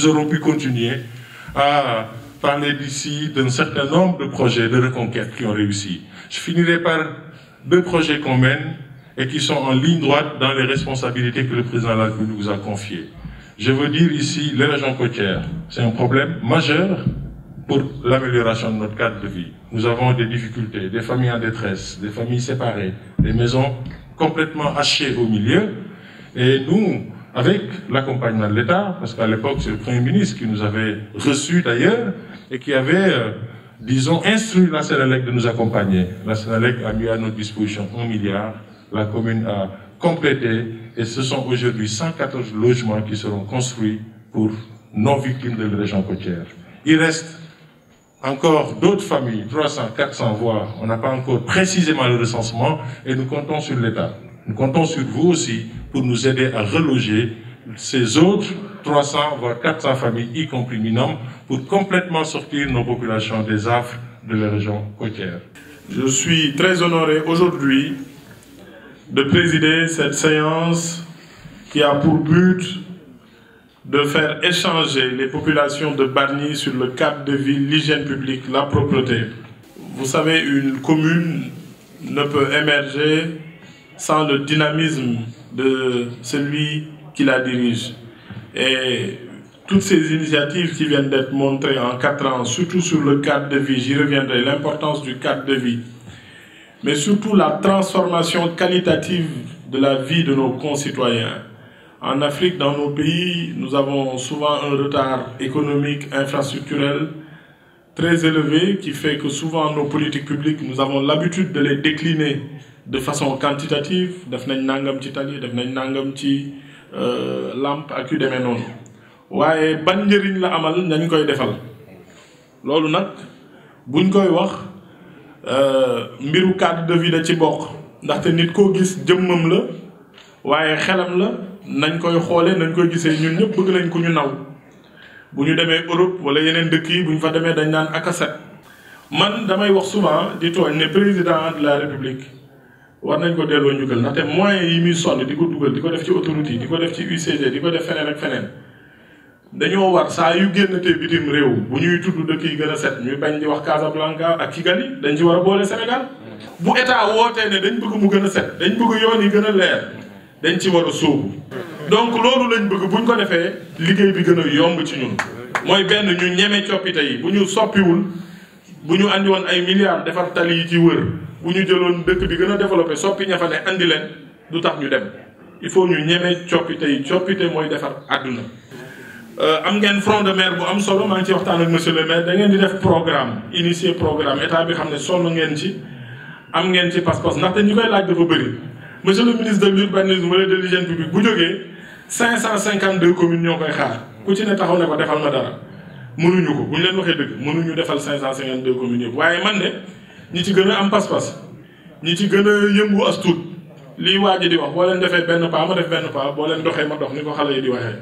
nous aurons pu continuer à parler d'ici d'un certain nombre de projets de reconquête qui ont réussi. Je finirai par deux projets qu'on mène et qui sont en ligne droite dans les responsabilités que le président de la nous a confiées. Je veux dire ici les régions côtières. C'est un problème majeur pour l'amélioration de notre cadre de vie. Nous avons des difficultés, des familles en détresse, des familles séparées, des maisons complètement hachées au milieu. Et nous, avec l'accompagnement de l'État, parce qu'à l'époque, c'est le Premier ministre qui nous avait reçus d'ailleurs, et qui avait, euh, disons, instruit la Sénélec de nous accompagner. La Sénélec a mis à notre disposition un milliard, la commune a complété, et ce sont aujourd'hui 114 logements qui seront construits pour nos victimes de la région côtière. Il reste encore d'autres familles, 300, 400 voire, on n'a pas encore précisément le recensement, et nous comptons sur l'État. Nous comptons sur vous aussi pour nous aider à reloger ces autres 300 voire 400 familles, y compris Minam, pour complètement sortir nos populations des affres de la région côtière. Je suis très honoré aujourd'hui de présider cette séance qui a pour but de faire échanger les populations de Barny sur le cadre de vie, l'hygiène publique, la propreté. Vous savez, une commune ne peut émerger sans le dynamisme de celui qui la dirige. Et toutes ces initiatives qui viennent d'être montrées en quatre ans, surtout sur le cadre de vie, j'y reviendrai, l'importance du cadre de vie, mais surtout la transformation qualitative de la vie de nos concitoyens. En Afrique, dans nos pays, nous avons souvent un retard économique, infrastructurel très élevé qui fait que souvent nos politiques publiques, nous avons l'habitude de les décliner de façon quantitative def nañ nangam ci tali def nañ nangam ci euh, lampe ak yu non la amal nañ koy defal loolu nak buñ koy wax euh, mbiru cadre de vie da ci ndax nit gis jëmmam la waye xelam la nañ koy xolé nañ koy gisé ñun ñëpp bëgg nañ ku ñu naw Europe wala yenen dëkk yi buñ fa dañ man damay wax souvent di le président de la république war nañ ko delloo njukkal ndaxte moyens yi muy sonn di ko dugal di ko def ci autorité di ko def ci UCG di ko def feneen ak feneen dañoo war saa yu génn te bitim réew bu ñuy tudd dëkk yi gën a set ñu bañ di wax Casablanca ak ki Kigali dañ ci war a boole Sénégal. bu état wootee ne dañ bëgg mu gën a set dañ bëgg yoon yi gën a leer dañ ci war a sóobu donc loolu lañ bëgg buñ ko defee liggéey bi gën a yomb ci ñun mooy benn ñu ñeme coppite yi bu ñu soppiwul. bu ñu andi woon ay milliards defar tali yi ci wër bu ñu jëloon dëkk bi gën a développé soppi ña fa ne andi leen du tax ñu dem il faut ñu ñeme coppite yi coppite mooy defar àdduna. Euh, am ngeen front de mer bu am solo maa ngi ci waxtaan ak monsieur le maire da ngeen di def programme initier programme état bi xam ne sonn ngeen ci am ngeen ci pas-pas ndaxte ñu koy laaj dafa bëri monsieur le ministre de l'urbanisme wala de l'hygiène bu jógee 552 communes ñoo koy xaar ku ci ne taxaw ne ko mënuñu ko bu ñu leen waxee dëgg mënuñu defal cinq cent cinquante deux communes yëpp waaye man de ñi ci gën a am pas-pas ñi ci gën a yëngu as lii waa ji di wax boo leen defee benn pas ma def benn pas boo leen doxee ma dox ni ko xale yi di waxee.